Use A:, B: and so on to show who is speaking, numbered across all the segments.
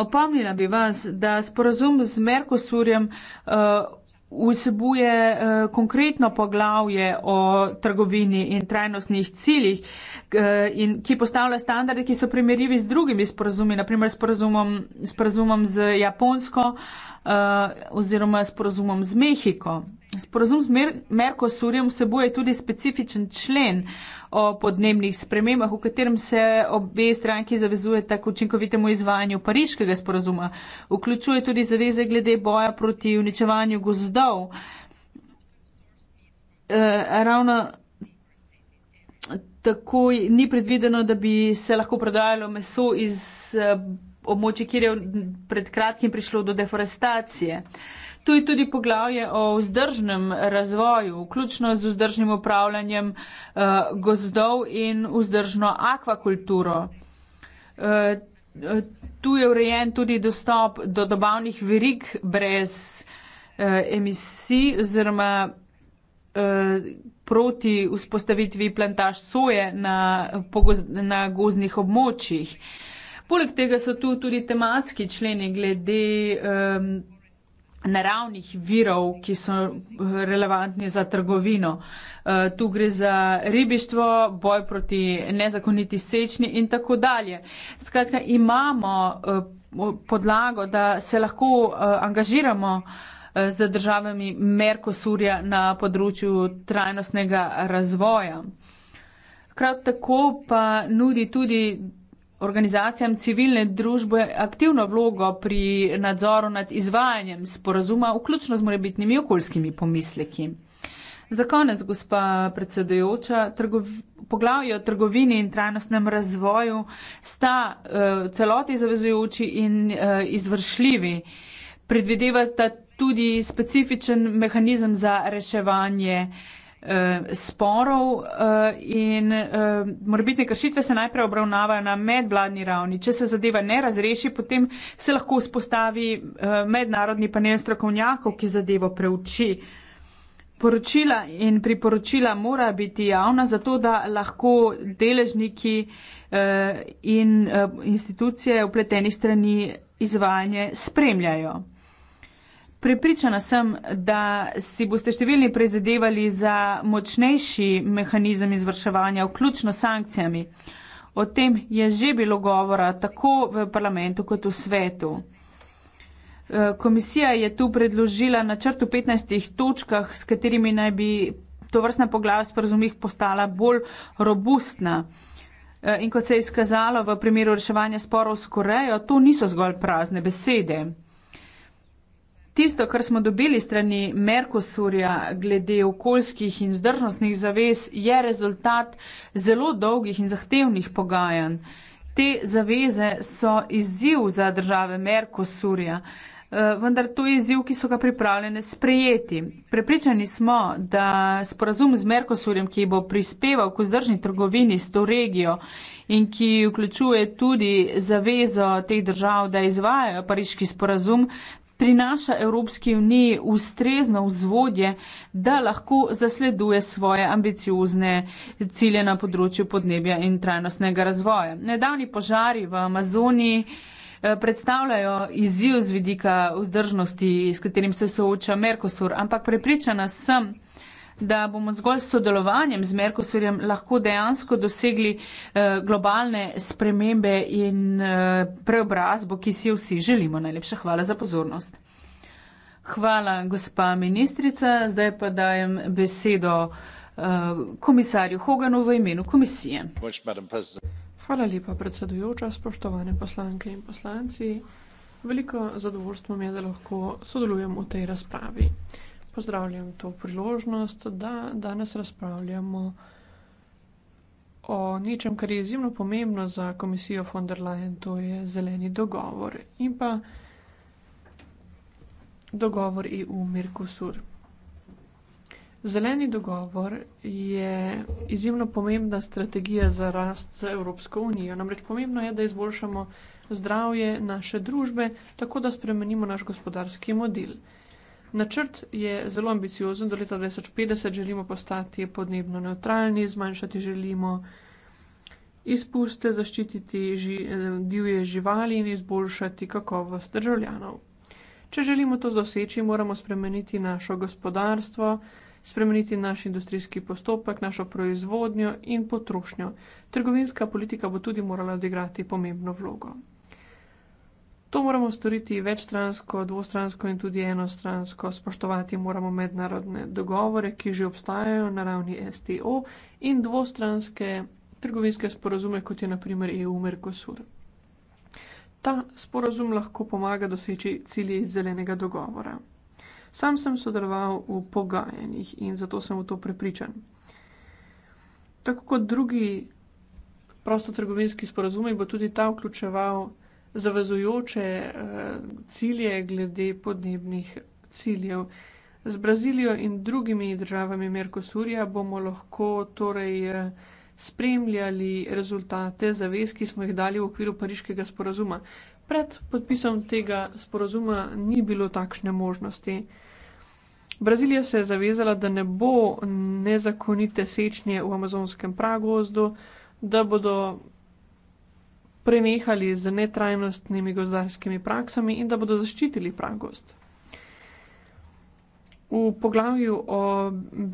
A: Opomnila bi vas, da sporazum z Merkosurjem uh, vsebuje uh, konkretno poglavje o trgovini in trajnostnih ciljih, uh, ki postavlja standarde, ki so primerjivi z drugimi sporazumi, naprimer sporazumom, sporazumom z Japonsko, uh, oziroma sporozumom z Mehiko. Sporozum z Mer Merkosurjem vsebuje tudi specifičen člen o podnebnih spremembah, v katerem se obe stranki zavezuje tako učinkovitemu izvajanju pariškega sporozuma. Vključuje tudi zaveze glede boja proti uničevanju gozdov. E, ravno tako ni predvideno, da bi se lahko prodajalo meso iz. E, območje, kjer je pred kratkim prišlo do deforestacije. Tu je tudi poglavje o vzdržnem razvoju, vključno z vzdržnim upravljanjem uh, gozdov in vzdržno akvakulturo. Uh, tu je urejen tudi dostop do dobavnih verig brez uh, emisij oziroma uh, proti vzpostavitvi plantaž soje na, na gozdnih območjih. Uh, Poleg tega so tu tudi tematski členi glede um, naravnih virov, ki so eh, relevantni za trgovino. Uh, tu gre za ribištvo, boj proti nezakoniti sečni in tako dalje. Skratka, imamo uh, podlago, da se lahko uh, angažiramo z državami Merkosurja na področju trajnostnega razvoja. Hkrati tako pa nudi tudi organizacijam civilne družbe aktivno vlogo pri nadzoru nad izvajanjem sporazuma, vključno z morebitnimi okoljskimi pomisleki. Za konec, gospa predsedujoča, poglavje o trgovini in trajnostnem razvoju sta uh, celoti zavezujoči in uh, izvršljivi. Predvidevata tudi specifičen mehanizem za reševanje uh, Eh, sporov eh, in eh, morebitne kršitve se najprej obravnavajo na medvladni ravni. Če se zadeva ne razreši, potem se lahko vzpostavi mednarodni panel strokovnjakov, ki zadevo preuči. Poročila in priporočila mora biti javna, zato da lahko deležniki in institucije vpletenih strani izvajanje spremljajo. Pripričana sem, da si boste številni prezadevali za močnejši mehanizem izvrševanja, vključno sankcijami. O tem je že bilo govora tako v parlamentu kot v svetu. Eh, komisija je tu predložila načrt v 15 točkah, s katerimi naj bi to vrstna poglav sporozumih postala bolj robustna. Eh, in kot se je izkazalo v primeru reševanja sporov s Korejo, to niso zgolj prazne besede. Tisto, kar smo dobili strani Merkosurja glede okoljskih in zdržnostnih zavez, je rezultat zelo dolgih in zahtevnih pogajanj. Te zaveze so izziv za države Merkosurja, eh, vendar to je izziv, ki so ga pripravljene sprejeti. Prepričani smo, da sporazum z Merkosurjem, ki bo prispeval k vzdržni trgovini s to regijo in ki vključuje tudi zavezo teh držav, da izvajajo pariški sporazum, prinaša Evropski uniji ustrezno vzvodje, da lahko zasleduje svoje ambiciozne cilje na področju podnebja in trajnostnega razvoja. Nedavni požari v Amazoniji eh, predstavljajo izziv z vidika vzdržnosti, s katerim se sooča Merkosur, ampak prepričana sem, da bomo zgolj s sodelovanjem z Merkosurjem lahko dejansko dosegli eh, globalne spremembe in eh, preobrazbo, ki si jo vsi želimo. Najlepša hvala za pozornost. Hvala, gospa ministrica. Zdaj pa dajem besedo eh, komisarju Hoganu v imenu komisije.
B: Hvala lepa, predsedujoča, spoštovane poslanke in poslanci. Veliko zadovoljstvo mi je, da lahko sodelujem v tej razpravi. Pozdravljam to priložnost, da danes razpravljamo o nečem, kar je izjemno pomembno za komisijo von der Leyen, to je zeleni dogovor in pa dogovor EU-Mercosur. Zeleni dogovor je izjemno pomembna strategija za rast za Evropsko unijo. Namreč pomembno je, da izboljšamo zdravje naše družbe, tako da spremenimo naš gospodarski model. Načrt je zelo ambiciozen, do leta 2050 želimo postati podnebno neutralni, zmanjšati želimo izpuste, zaščititi ži, eh, divje živali in izboljšati kakovost državljanov. Če želimo to doseči, moramo spremeniti našo gospodarstvo, spremeniti naš industrijski postopek, našo proizvodnjo in potrošnjo. Trgovinska politika bo tudi morala odigrati pomembno vlogo. To moramo storiti večstransko, dvostransko in tudi enostransko. Spoštovati moramo mednarodne dogovore, ki že obstajajo na ravni STO in dvostranske trgovinske sporozume, kot je naprimer EU-Mercosur. Ta sporozum lahko pomaga doseči cilje iz zelenega dogovora. Sam sem sodeloval v pogajanjih in zato sem v to prepričan. Tako kot drugi prostotrgovinski sporozumi, bo tudi ta vključeval zavezujoče eh, cilje glede podnebnih ciljev. Z Brazilijo in drugimi državami Merkosurja bomo lahko torej eh, spremljali rezultate zavez, ki smo jih dali v okviru pariškega sporazuma. Pred podpisom tega sporazuma ni bilo takšne možnosti. Brazilija se je zavezala, da ne bo nezakonite sečnje v amazonskem pragozdu, da bodo prenehali z netrajnostnimi gozdarskimi praksami in da bodo zaščitili pragost. V poglavju o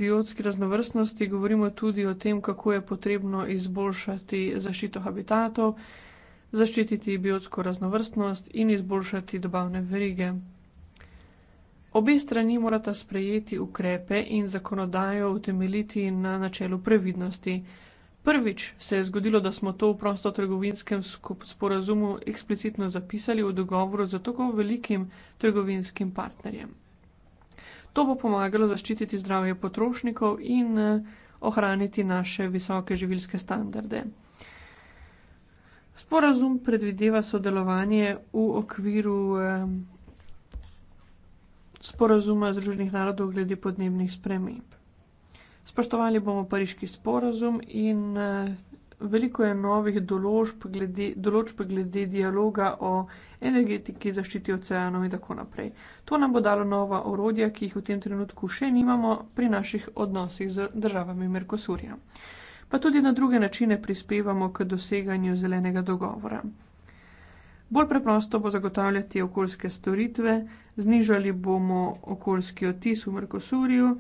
B: biotski raznovrstnosti govorimo tudi o tem, kako je potrebno izboljšati zaščito habitatov, zaščititi biotsko raznovrstnost in izboljšati dobavne verige. Obe strani morata sprejeti ukrepe in zakonodajo utemeljiti na načelu previdnosti. Prvič se je zgodilo, da smo to v prostotrgovinskem sporazumu eksplicitno zapisali v dogovoru z tako velikim trgovinskim partnerjem. To bo pomagalo zaščititi zdravje potrošnikov in ohraniti naše visoke življske standarde. Sporazum predvideva sodelovanje v okviru eh, sporazuma Združenih narodov glede podnebnih sprememb. Spoštovali bomo pariški sporozum in eh, veliko je novih glede, določb glede dialoga o energetiki, zaščiti oceanov in tako naprej. To nam bo dalo nova orodja, ki jih v tem trenutku še nimamo pri naših odnosih z državami Merkosurja. Pa tudi na druge načine prispevamo k doseganju zelenega dogovora. Bolj preprosto bo zagotavljati okoljske storitve, znižali bomo okoljski otis v Merkosurju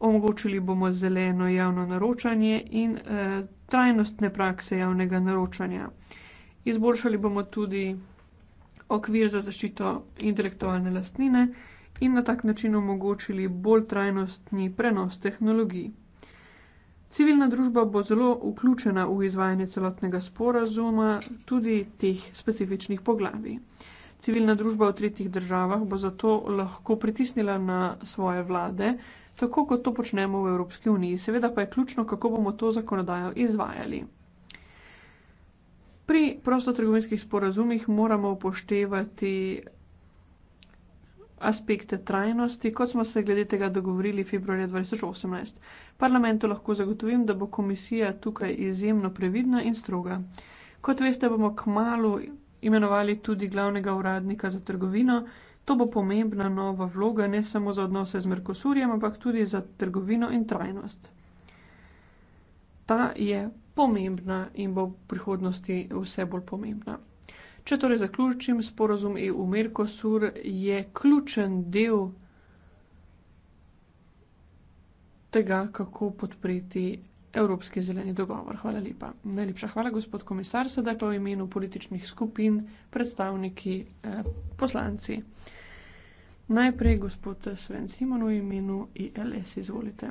B: omogočili bomo zeleno javno naročanje in e, trajnostne prakse javnega naročanja. Izboljšali bomo tudi okvir za zaščito intelektualne lastnine in na tak način omogočili bolj trajnostni prenos tehnologij. Civilna družba bo zelo vključena v izvajanje celotnega sporazuma, tudi teh specifičnih poglavij. Civilna družba v tretjih državah bo zato lahko pritisnila na svoje vlade, tako kot to počnemo v Evropski uniji. Seveda pa je ključno, kako bomo to zakonodajo izvajali. Pri prostotrgovinskih sporazumih moramo upoštevati aspekte trajnosti, kot smo se glede tega dogovorili februarja 2018. Parlamentu lahko zagotovim, da bo komisija tukaj izjemno previdna in stroga. Kot veste, bomo k malu imenovali tudi glavnega uradnika za trgovino, To bo pomembna nova vloga ne samo za odnose z Merkosurjem, ampak tudi za trgovino in trajnost. Ta je pomembna in bo v prihodnosti vse bolj pomembna. Če torej zaključim, sporozum EU-Merkosur je ključen del tega, kako podpreti Evropski zeleni dogovor. Hvala lepa. Najlepša hvala, gospod komisar, sedaj pa v imenu političnih skupin, predstavniki, eh, poslanci. Najprej gospod Sven Simon v imenu ILS, izvolite.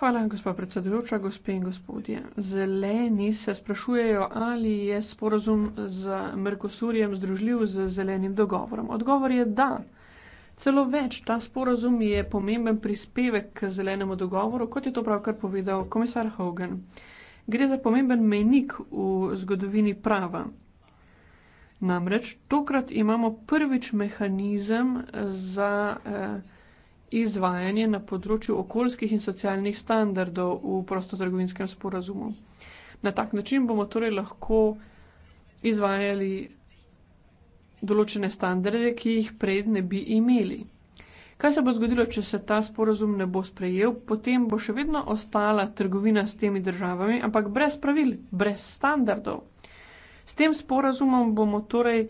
B: Hvala, gospa predsedujoča, gospe in gospodje. Zeleni se sprašujejo, ali je sporozum z Merkosurjem združljiv z zelenim dogovorom. Odgovor je da. Celo več, ta sporozum je pomemben prispevek k zelenemu dogovoru, kot je to pravkar povedal komisar Hogan. Gre za pomemben menik v zgodovini prava. Namreč tokrat imamo prvič mehanizem za eh, izvajanje na področju okoljskih in socialnih standardov v prostotrgovinskem sporazumu. Na tak način bomo torej lahko izvajali določene standarde, ki jih pred ne bi imeli. Kaj se bo zgodilo, če se ta sporazum ne bo sprejel? Potem bo še vedno ostala trgovina s temi državami, ampak brez pravil, brez standardov. S tem sporazumom bomo torej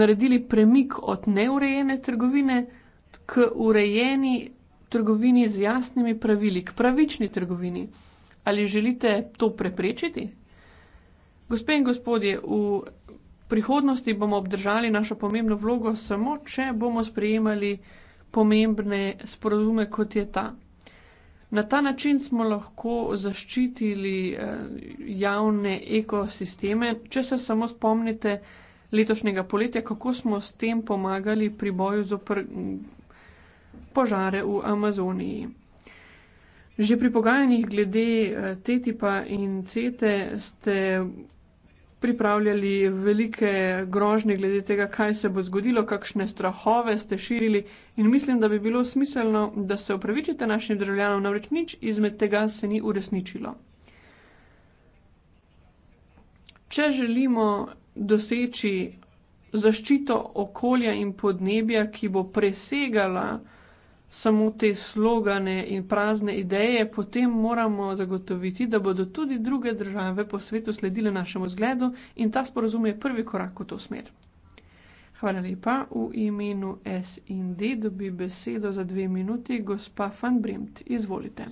B: naredili premik od neurejene trgovine k urejeni trgovini z jasnimi pravili, k pravični trgovini. Ali želite to preprečiti? Gospe in gospodje, v prihodnosti bomo obdržali našo pomembno vlogo samo, če bomo sprejemali pomembne sporazume, kot je ta. Na ta način smo lahko zaščitili eh, javne ekosisteme. Če se samo spomnite letošnjega poletja, kako smo s tem pomagali pri boju zopr mm, požare v Amazoniji. Že pri pogajanjih glede eh, TTIP-a in CETE ste pripravljali velike grožnje glede tega, kaj se bo zgodilo, kakšne strahove ste širili in mislim, da bi bilo smiselno, da se upravičite našim državljanom, namreč nič izmed tega se ni uresničilo. Če želimo doseči zaščito okolja in podnebja, ki bo presegala samo te slogane in prazne ideje, potem moramo zagotoviti, da bodo tudi druge države po svetu sledile našemu zgledu in ta sporozum je prvi korak v to smer. Hvala lepa. V imenu SND dobi besedo za dve minuti gospa Van Bremt. Izvolite.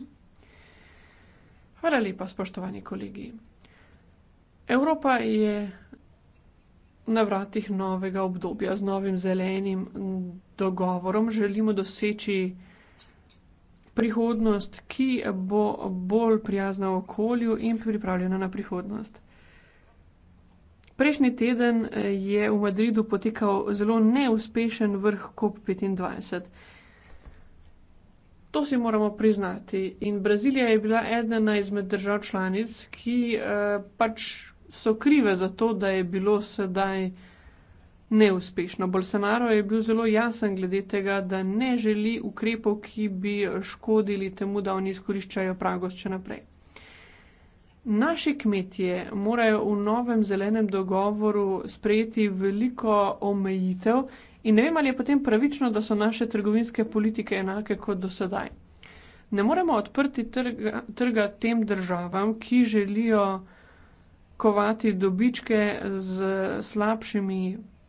B: Hvala lepa, spoštovani kolegi. Evropa je na vratih novega obdobja z novim zelenim dogovorom želimo doseči prihodnost, ki bo bolj prijazna okolju in pripravljena na prihodnost. Prejšnji teden je v Madridu potekal zelo neuspešen vrh COP25. To si moramo priznati. In Brazilija je bila ena izmed držav članic, ki eh, pač so krive za to, da je bilo sedaj neuspešno. Bolsonaro je bil zelo jasen glede tega, da ne želi ukrepov, ki bi škodili temu, da oni izkoriščajo pragost še naprej. Naši kmetje morajo v novem zelenem dogovoru sprejeti veliko omejitev in ne vem, ali je potem pravično, da so naše trgovinske politike enake kot do sedaj. Ne moremo odprti trga, trga tem državam, ki želijo kovati dobičke z slabšimi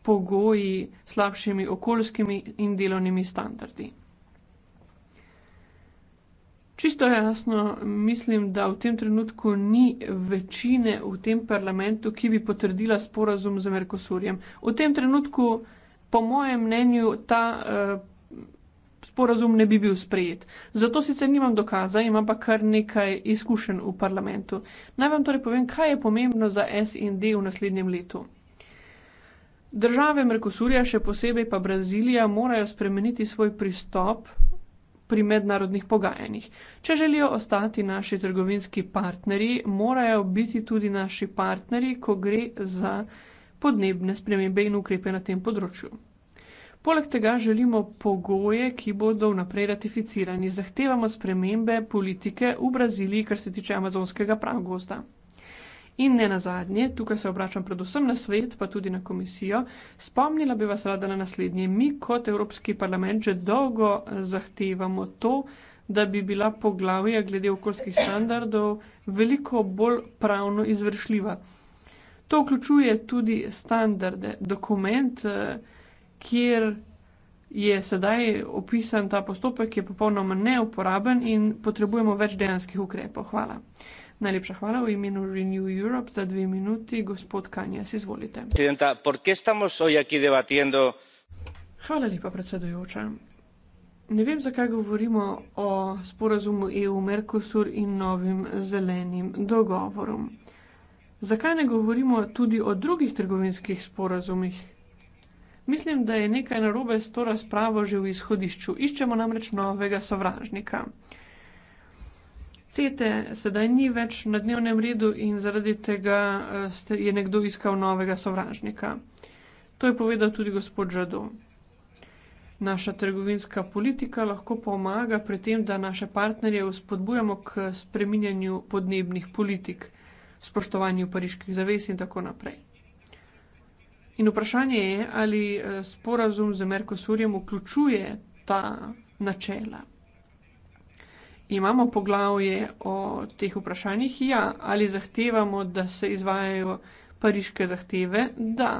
B: pogoji, slabšimi okoljskimi in delovnimi standardi. Čisto jasno mislim, da v tem trenutku ni večine v tem parlamentu, ki bi potrdila sporazum z Merkosurjem. V tem trenutku, po mojem mnenju, ta uh, sporazum ne bi bil sprejet. Zato sicer nimam dokaza, imam pa kar nekaj izkušenj v parlamentu. Naj vam torej povem, kaj je pomembno za SND v naslednjem letu. Države Merkosurja, še posebej pa Brazilija, morajo spremeniti svoj pristop pri mednarodnih pogajanjih. Če želijo ostati naši trgovinski partnerji, morajo biti tudi naši partnerji, ko gre za podnebne spremembe in ukrepe na tem področju. Poleg tega želimo pogoje, ki bodo vnaprej ratificirani. Zahtevamo spremembe politike v Braziliji, kar se tiče amazonskega pravgozda. In ne nazadnje, tukaj se obračam predvsem na svet, pa tudi na komisijo, spomnila bi vas rada na naslednje. Mi kot Evropski parlament že dolgo zahtevamo to, da bi bila poglavja glede okoljskih standardov veliko bolj pravno izvršljiva. To vključuje tudi standarde, dokument, eh, kjer je sedaj opisan ta postopek, je popolnoma neuporaben in potrebujemo več dejanskih ukrepov. Hvala. Najlepša hvala v imenu Renew Europe za dve minuti. Gospod Kanjas, izvolite. Hvala lepa, predsedujoča. Ne vem, zakaj govorimo o sporazumu EU-Merkosur in novim zelenim dogovorom. Zakaj ne govorimo tudi o drugih trgovinskih sporazumih, Mislim, da je nekaj narobe s to razpravo že v izhodišču. Iščemo namreč novega sovražnika. Cete sedaj ni več na dnevnem redu in zaradi tega eh, je nekdo iskal novega sovražnika. To je povedal tudi gospod Žado. Naša trgovinska politika lahko pomaga pri tem, da naše partnerje uspodbujamo k spreminjanju podnebnih politik, spoštovanju pariških zaves in tako naprej. In vprašanje je, ali eh, sporazum z Merkosurjem vključuje ta načela. Imamo poglavje o teh vprašanjih, ja, ali zahtevamo, da se izvajajo pariške zahteve, da.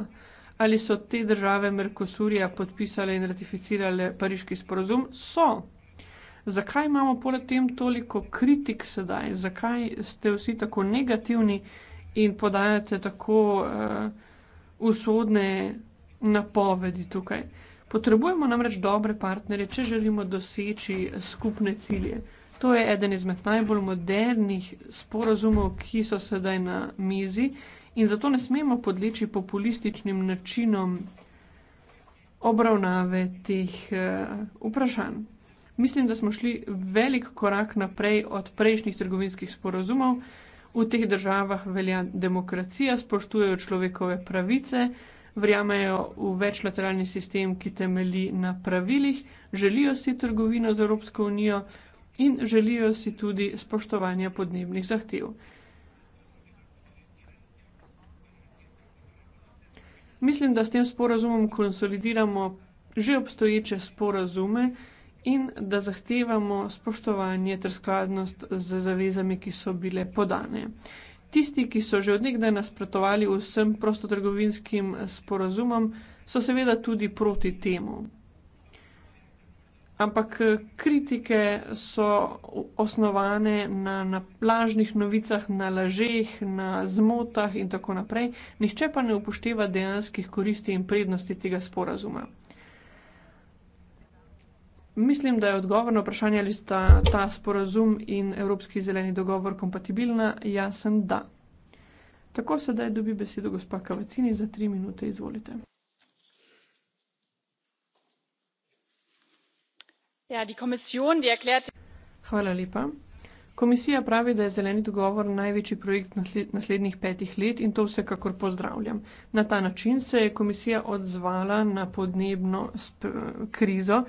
B: Ali so te države Merkosurja podpisale in ratificirale pariški sporozum? So. Zakaj imamo poleg tem toliko kritik sedaj? Zakaj ste vsi tako negativni in podajate tako uh, usodne napovedi tukaj. Potrebujemo namreč dobre partnerje, če želimo doseči skupne cilje. To je eden izmed najbolj modernih sporazumov, ki so sedaj na mizi in zato ne smemo podleči populističnim načinom obravnave teh uh, vprašanj. Mislim, da smo šli velik korak naprej od prejšnjih trgovinskih sporazumov, uh, v teh državah velja demokracija, spoštujejo človekove pravice, verjamejo v večlateralni sistem, ki temelji na pravilih, želijo si trgovino z Evropsko unijo in želijo si tudi spoštovanja podnebnih zahtev. Mislim, da s tem sporazumom konsolidiramo že obstoječe sporazume in da zahtevamo spoštovanje ter skladnost z zavezami, ki so bile podane. Tisti, ki so že odnegdaj nasprotovali vsem prostotrgovinskim sporazumom, so seveda tudi proti temu. Ampak kritike so osnovane na, na lažnih novicah, na lažeh, na zmotah in tako naprej. Nihče pa ne upošteva dejanskih koristi in prednosti tega sporazuma. Mislim, da je odgovor na vprašanje, ali sta ta sporazum in Evropski zeleni dogovor kompatibilna, jasen da. Tako sedaj dobi besedo gospa Kavacini za tri minute, izvolite. Ja, die Kommission, die erklärte... Hvala lepa. Komisija pravi, da je zeleni dogovor največji projekt naslednjih petih let in to vsekakor pozdravljam. Na ta način se je komisija odzvala na podnebno krizo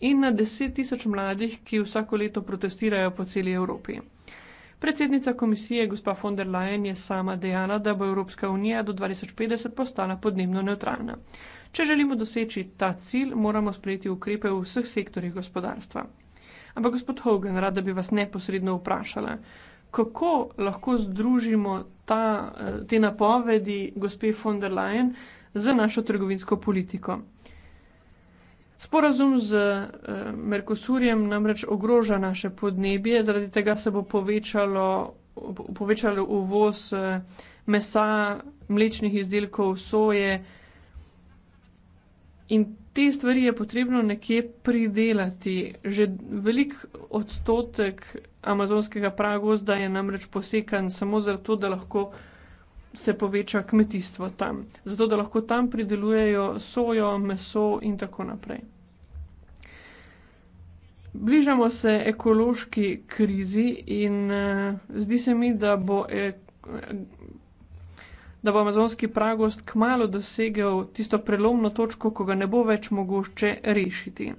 B: in na deset tisoč mladih, ki vsako leto protestirajo po celi Evropi. Predsednica komisije, gospa von der Leyen, je sama dejala, da bo Evropska unija do 2050 postala podnebno neutralna. Če želimo doseči ta cilj, moramo sprejeti ukrepe v vseh sektorjih gospodarstva. Ampak, gospod Hogan, rada bi vas neposredno vprašala, kako lahko združimo ta, te napovedi gospe von der Leyen z našo trgovinsko politiko. Sporazum z eh, Merkosurjem namreč ogroža naše podnebje, zaradi tega se bo povečalo, povečalo uvoz eh, mesa, mlečnih izdelkov, soje. In te stvari je potrebno nekje pridelati. Že velik odstotek amazonskega pragozda je namreč posekan samo zato, da lahko se poveča kmetijstvo tam, zato da lahko tam pridelujejo sojo, meso in tako naprej. Bližamo se ekološki krizi in eh, zdi se mi, da bo, eh, da bo amazonski pragost kmalo dosegel tisto prelomno točko, ko ga ne bo več mogoče rešiti.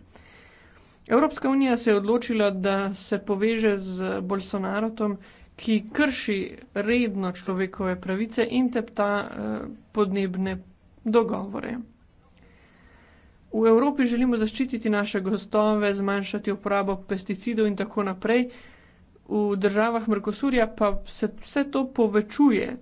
B: Evropska unija se je odločila, da se poveže z Bolsonarotom ki krši redno človekove pravice in tepta eh, podnebne dogovore. V Evropi želimo zaščititi naše gostove, zmanjšati uporabo pesticidov in tako naprej. V državah Mercosurja pa se vse to povečuje.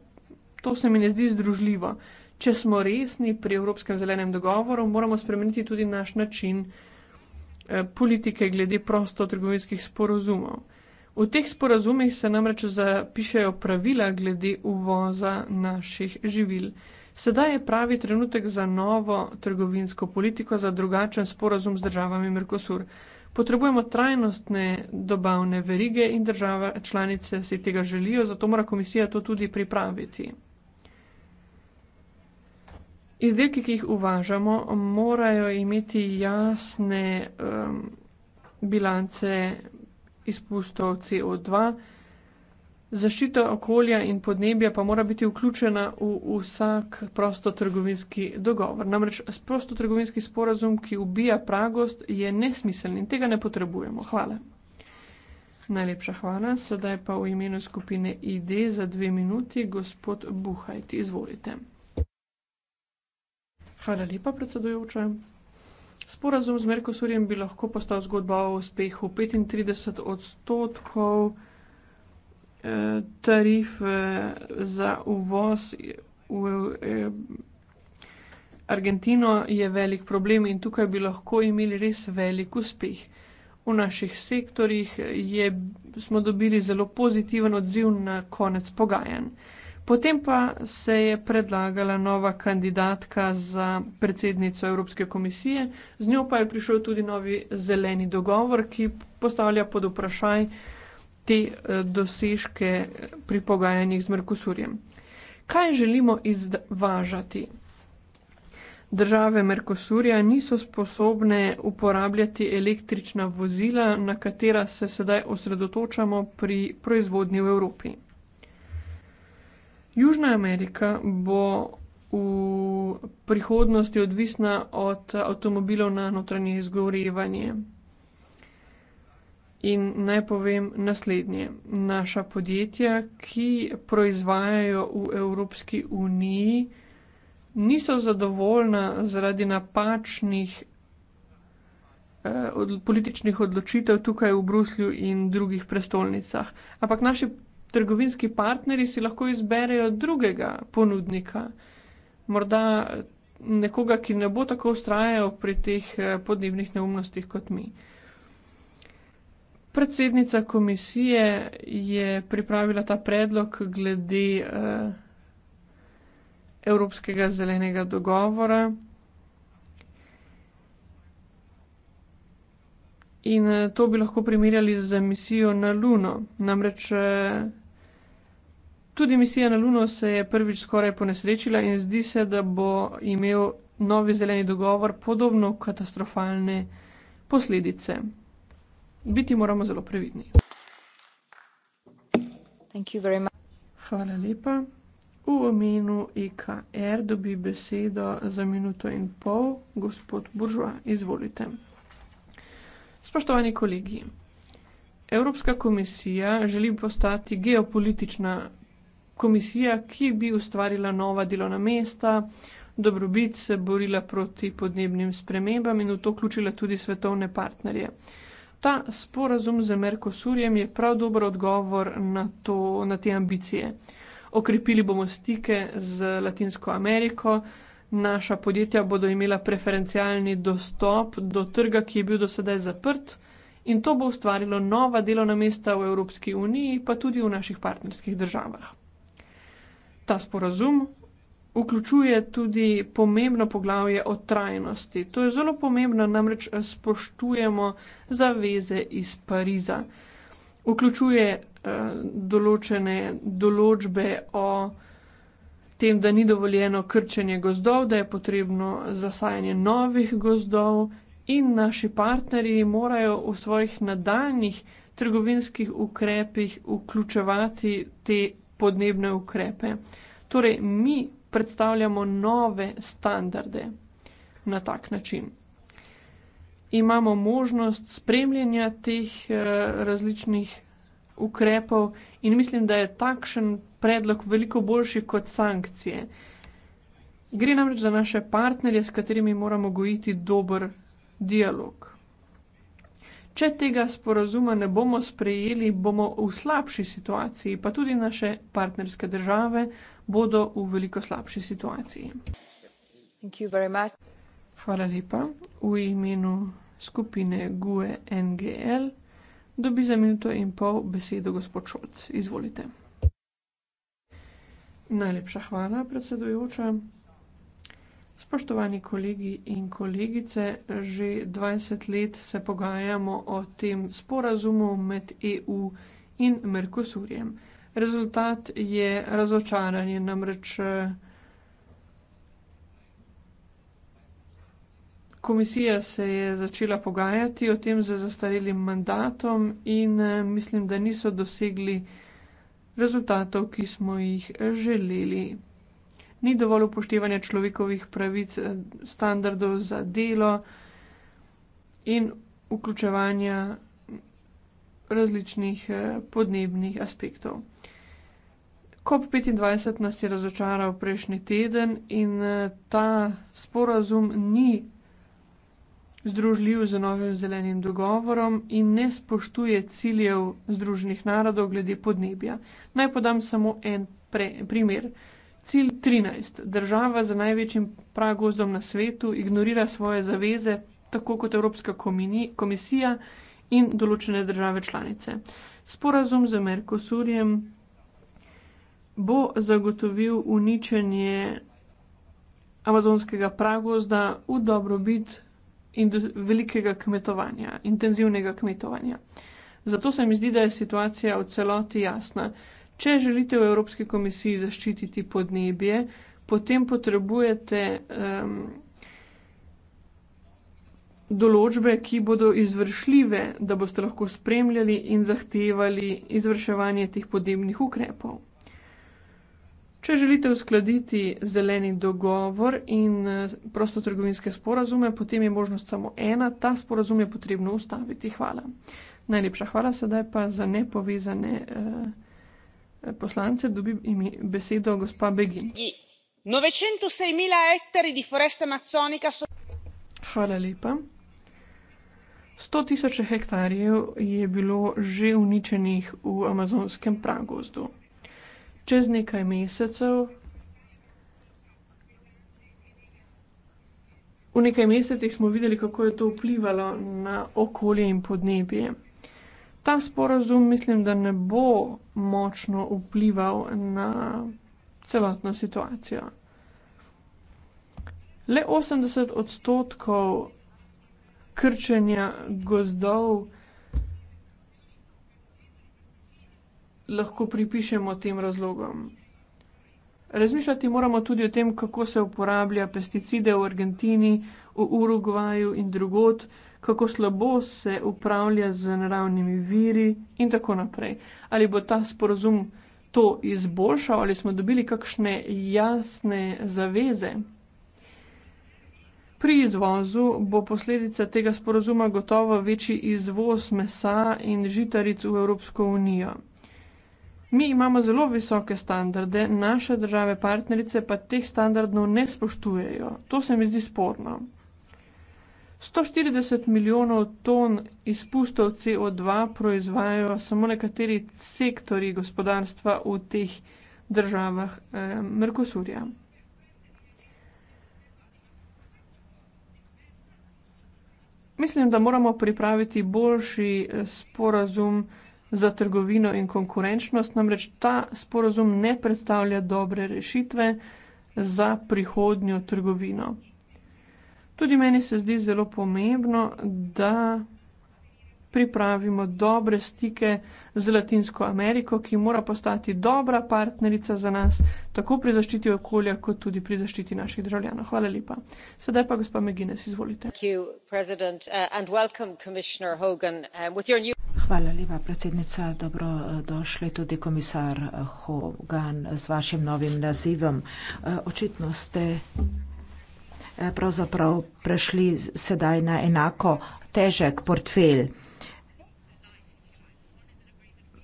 B: To se mi ne zdi združljivo. Če smo resni pri Evropskem zelenem dogovoru, moramo spremeniti tudi naš način eh, politike glede prostotrgovinskih sporozumov. V teh sporazumih se namreč zapišejo pravila glede uvoza naših živil. Sedaj je pravi trenutek za novo trgovinsko politiko, za drugačen sporazum z državami Mercosur. Potrebujemo trajnostne dobavne verige in države članice si tega želijo, zato mora komisija to tudi pripraviti. Izdelki, ki jih uvažamo, morajo imeti jasne um, bilance izpustov CO2. Zaščita okolja in podnebja pa mora biti vključena v vsak prostotrgovinski dogovor. Namreč prostotrgovinski sporazum, ki ubija pragost, je nesmiseln in tega ne potrebujemo. Hvala. Najlepša hvala. Sedaj pa v imenu skupine ID za dve minuti gospod Buhajt. Izvolite. Hvala lepa, predsedujoča. Sporazum z Merkosurjem bi lahko postal zgodba o uspehu 35 odstotkov eh, tarif eh, za uvoz v eh, Argentino je velik problem in tukaj bi lahko imeli res velik uspeh. V naših sektorjih je, smo dobili zelo pozitiven odziv na konec pogajanj. Potem pa se je predlagala nova kandidatka za predsednico Evropske komisije, z njo pa je prišel tudi novi zeleni dogovor, ki postavlja pod vprašaj te eh, dosežke pri pogajanjih z Merkosurjem. Kaj želimo izvažati? Države Merkosurja niso sposobne uporabljati električna vozila, na katera se sedaj osredotočamo pri proizvodnji v Evropi. Južna Amerika bo v prihodnosti odvisna od avtomobilov na notranje izgorevanje. In naj povem naslednje. Naša podjetja, ki proizvajajo v Evropski uniji, niso zadovoljna zaradi napačnih, eh, političnih odločitev tukaj v Bruslju in drugih prestolnicah. Ampak naši trgovinski partnerji si lahko izberejo drugega ponudnika, morda nekoga, ki ne bo tako ustrajal pri teh eh, podnebnih neumnostih kot mi. Predsednica komisije je pripravila ta predlog glede eh, Evropskega zelenega dogovora. In eh, to bi lahko primerjali z emisijo na Luno. Namreč eh, Tudi misija na Luno se je prvič skoraj ponesrečila in zdi se, da bo imel novi zeleni dogovor podobno katastrofalne posledice. Biti moramo zelo previdni. Hvala lepa. V omenu EKR dobi besedo za minuto in pol gospod Buržua. Izvolite. Spoštovani kolegi, Evropska komisija želi postati geopolitična komisija, ki bi ustvarila nova delovna mesta, dobrobit, se borila proti podnebnim spremembam in v to vključila tudi svetovne partnerje. Ta sporazum z Merkosurjem je prav dober odgovor na, to, na te ambicije. Okrepili bomo stike z Latinsko Ameriko, naša podjetja bodo imela preferencialni dostop do trga, ki je bil do sedaj zaprt, in to bo ustvarilo nova delovna mesta v Evropski uniji, pa tudi v naših partnerskih državah ta sporazum vključuje tudi pomembno poglavje o trajnosti. To je zelo pomembno, namreč eh, spoštujemo zaveze iz Pariza. Vključuje eh, določene določbe o tem, da ni dovoljeno krčenje gozdov, da je potrebno zasajanje novih gozdov in naši partnerji morajo v svojih nadaljnih trgovinskih ukrepih vključevati te podnebne ukrepe. Torej, mi predstavljamo nove standarde na tak način. Imamo možnost spremljanja teh eh, različnih ukrepov in mislim, da je takšen predlog veliko boljši kot sankcije. Gre namreč za naše partnerje, s katerimi moramo gojiti dober dialog. Če tega sporazuma ne bomo sprejeli, bomo v slabši situaciji, pa tudi naše partnerske države bodo v veliko slabši situaciji. Hvala lepa. V imenu skupine GUE NGL dobi za minuto in pol besedo gospod Šolc. Izvolite. Najlepša hvala, predsedujoča. Spoštovani kolegi in kolegice, že 20 let se pogajamo o tem sporazumu med EU in Merkosurjem. Rezultat je razočaranje, namreč komisija se je začela pogajati o tem z zastarelim mandatom in mislim, da niso dosegli rezultatov, ki smo jih želeli ni dovolj upoštevanja človekovih pravic, eh, standardov za delo in vključevanja različnih eh, podnebnih aspektov. COP25 nas je razočaral prejšnji teden in eh, ta sporazum ni združljiv z novim zelenim dogovorom in ne spoštuje ciljev Združenih narodov glede podnebja. Naj podam samo en pre, primer. Cilj 13. Država z največjim pragozdom na svetu ignorira svoje zaveze, tako kot Evropska komisija in določene države članice. Sporazum z Merkosurjem bo zagotovil uničenje amazonskega pragozda v dobrobit in do velikega kmetovanja, intenzivnega kmetovanja. Zato se mi zdi, da je situacija v celoti jasna. Če želite v Evropski komisiji zaščititi podnebje, potem potrebujete um, določbe, ki bodo izvršljive, da boste lahko spremljali in zahtevali izvrševanje teh podnebnih ukrepov. Če želite uskladiti zeleni dogovor in prostotrgovinske sporazume, potem je možnost samo ena, ta sporazum je potrebno ustaviti. Hvala. Najlepša hvala sedaj pa za nepovezane. Uh,
A: ettari di foresta amazzonica.
B: hvala lepa. sto tisoč hektarjev je bilo že uničenih v amazonskem pragozdu. Čez nekaj mesecev, v nekaj mesecih smo videli, kako je to vplivalo na okolje in podnebje ta sporozum mislim, da ne bo močno vplival na celotno situacijo. Le 80 odstotkov krčenja gozdov lahko pripišemo tem razlogom. Razmišljati moramo tudi o tem, kako se uporablja pesticide v Argentini, v Urugvaju in drugot, kako slabo se upravlja z naravnimi viri in tako naprej. Ali bo ta sporozum to izboljšal ali smo dobili kakšne jasne zaveze? Pri izvozu bo posledica tega sporozuma gotovo večji izvoz mesa in žitaric v Evropsko unijo. Mi imamo zelo visoke standarde, naše države partnerice pa teh standardov ne spoštujejo. To se mi zdi sporno. 140 milijonov ton izpustov CO2 proizvajajo samo nekateri sektori gospodarstva v teh državah eh, Merkosurja. Mislim, da moramo pripraviti boljši eh, sporazum za trgovino in konkurenčnost, namreč ta sporazum ne predstavlja dobre rešitve za prihodnjo trgovino. Tudi meni se zdi zelo pomembno, da pripravimo dobre stike z Latinsko Ameriko, ki mora postati dobra partnerica za nas, tako pri zaščiti okolja, kot tudi pri zaščiti naših državljanov. Hvala lepa. Sedaj pa gospa McGuinness, izvolite.
C: Uh,
D: uh,
C: Hvala lepa, predsednica. Dobrodošli tudi komisar Hogan z vašim novim nazivom. Uh, očitno ste pravzaprav prešli sedaj na enako težek portfelj.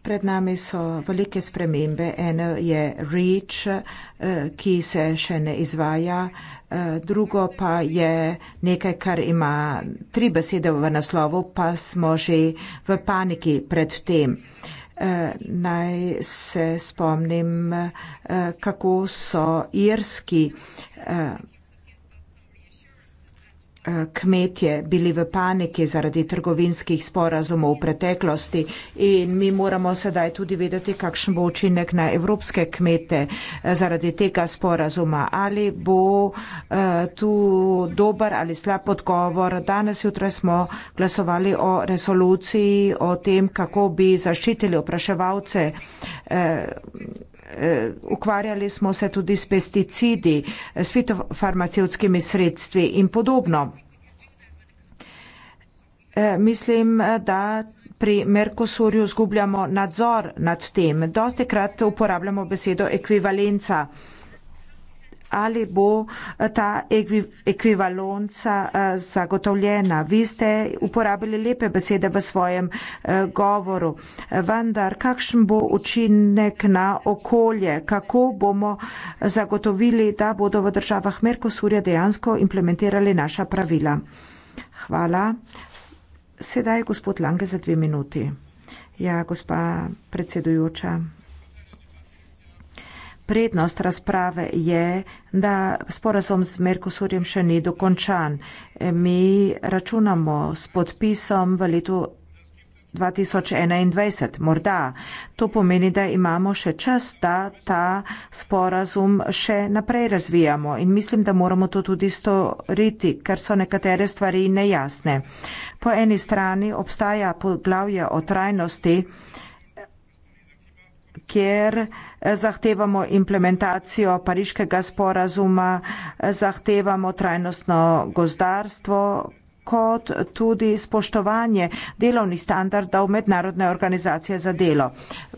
C: Pred nami so velike spremembe, eno je REACH, eh, ki se še ne izvaja, eh, drugo pa je nekaj, kar ima tri besede v naslovu, pa smo že v paniki pred tem. Eh, naj se spomnim, kako so irski Eh, kmetje bili v paniki zaradi trgovinskih sporazumov v preteklosti in mi moramo sedaj tudi vedeti, kakšen bo učinek na evropske kmete eh, zaradi tega sporazuma. Ali bo eh, tu dober ali slab odgovor? Danes jutra smo glasovali o resoluciji, o tem, kako bi zaščitili opraševalce Eh, ukvarjali smo se tudi s pesticidi, eh, s fitofarmacevskimi sredstvi in podobno. Eh, mislim, da pri Merkosurju zgubljamo nadzor nad tem. Dosti krat uporabljamo besedo ekvivalenca ali bo eh, ta ekvi, ekvivalenca eh, zagotovljena. Vi ste uporabili lepe besede v svojem eh, govoru, vendar kakšen bo učinek na okolje, kako bomo zagotovili, da bodo v državah Merkosurja dejansko implementirali naša pravila. Hvala. Sedaj gospod Lange za dve minuti. Ja, gospa predsedujoča prednost razprave je, da sporazum z Merkosurjem še ni dokončan. Mi računamo s podpisom v letu 2021, morda. To pomeni, da imamo še čas, da ta sporazum še naprej razvijamo in mislim, da moramo to tudi storiti, ker so nekatere stvari nejasne. Po eni strani obstaja poglavje o trajnosti, kjer zahtevamo implementacijo pariškega sporazuma, zahtevamo trajnostno gozdarstvo kot tudi spoštovanje delovnih standardov mednarodne organizacije za delo.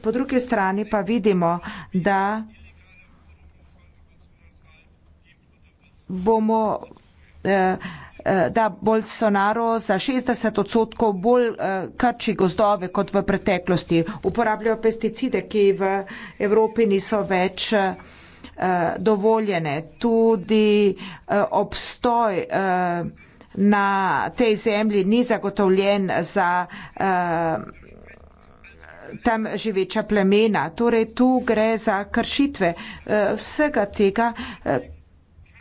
C: Po drugi strani pa vidimo, da bomo eh, Eh, da Bolsonaro za 60 odstotkov bolj eh, krči gozdove kot v preteklosti. Uporabljajo pesticide, ki v Evropi niso več eh, dovoljene. Tudi obstoj na tej zemlji ni zagotovljen za tam živeča plemena. Torej, tu gre za kršitve vsega tega,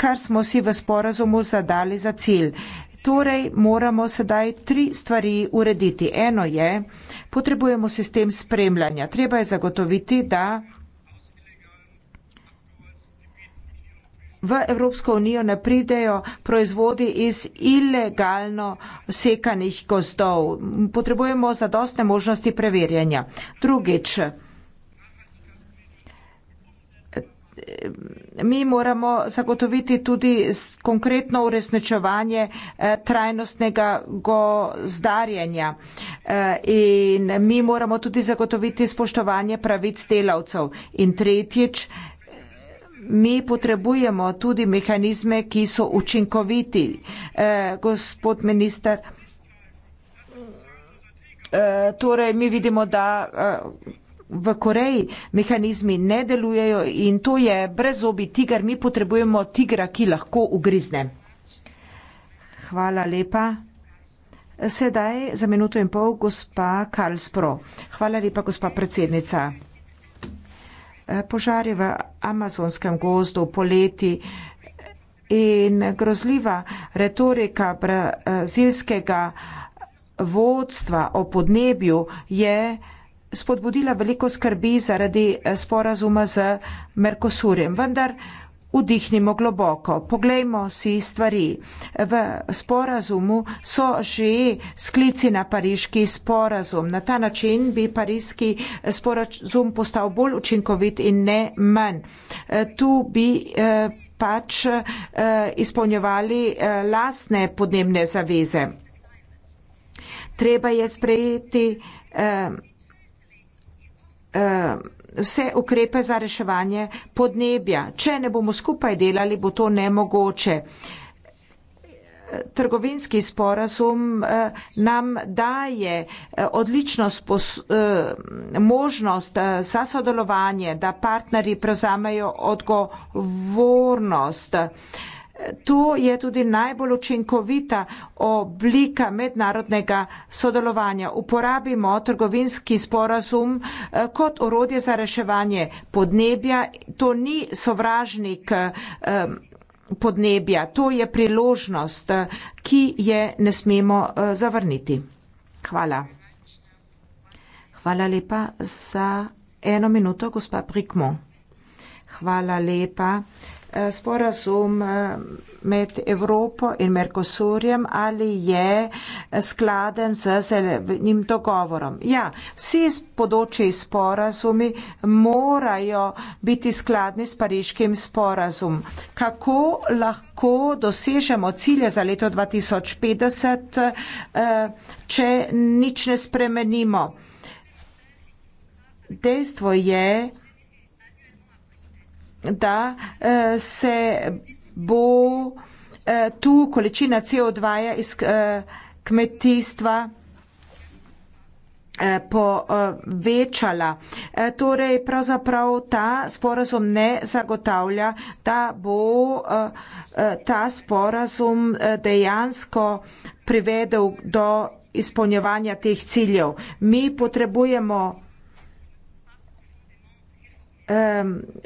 C: kar smo si v sporazumu zadali za cilj. Torej moramo sedaj tri stvari urediti. Eno je, potrebujemo sistem spremljanja. Treba je zagotoviti, da v Evropsko unijo ne pridejo proizvodi iz ilegalno sekanih gozdov. Potrebujemo zadostne možnosti preverjanja. Drugič, mi moramo zagotoviti tudi konkretno uresničevanje eh, trajnostnega gozdarjenja eh, in mi moramo tudi zagotoviti spoštovanje pravic delavcev. In tretjič, mi potrebujemo tudi mehanizme, ki so učinkoviti. Eh, gospod minister, torej mi vidimo, da v Koreji mehanizmi ne delujejo in to je brezobi tiger, mi potrebujemo tigra, ki lahko ugrizne. Hvala lepa. Sedaj za minuto in pol gospa Karlspro. Hvala lepa, gospa predsednica. Požar je v amazonskem gozdu poleti in grozljiva retorika brazilskega vodstva o podnebju je spodbudila veliko skrbi zaradi eh, sporazuma z Merkosurjem. Vendar vdihnimo globoko, poglejmo si stvari. V sporazumu so že sklici na pariški sporazum. Na ta način bi pariški eh, sporazum postal bolj učinkovit in ne manj. Eh, tu bi pač izpolnjevali lastne podnebne zaveze. Treba je sprejeti Eh, vse ukrepe za reševanje podnebja. Če ne bomo skupaj delali, bo to nemogoče. Trgovinski sporazum eh, nam daje eh, odlično spos, možnost za sodelovanje, da partnerji prevzamejo odgovornost. To je tudi najbolj učinkovita oblika mednarodnega sodelovanja. Uporabimo trgovinski sporazum eh, kot orodje za reševanje podnebja. To ni sovražnik eh, podnebja, to je priložnost, eh, ki je ne smemo zavrniti. Hvala. Hvala lepa za eno minuto, gospa Prikmo. Hvala lepa. Eh, sporazum eh, med Evropo in Merkosurjem ali je eh, skladen z zelenim dogovorom. Ja, vsi področji sporazumi morajo biti skladni s pariškim sporazum. Kako lahko dosežemo cilje za leto 2050, če nič ne spremenimo? Dejstvo je, da eh, se bo eh, tu količina CO2 ja iz eh, kmetijstva povečala. Torej, pravzaprav ta sporazum ne zagotavlja, da bo ta sporazum dejansko privedel do izpolnjevanja teh ciljev. Mi potrebujemo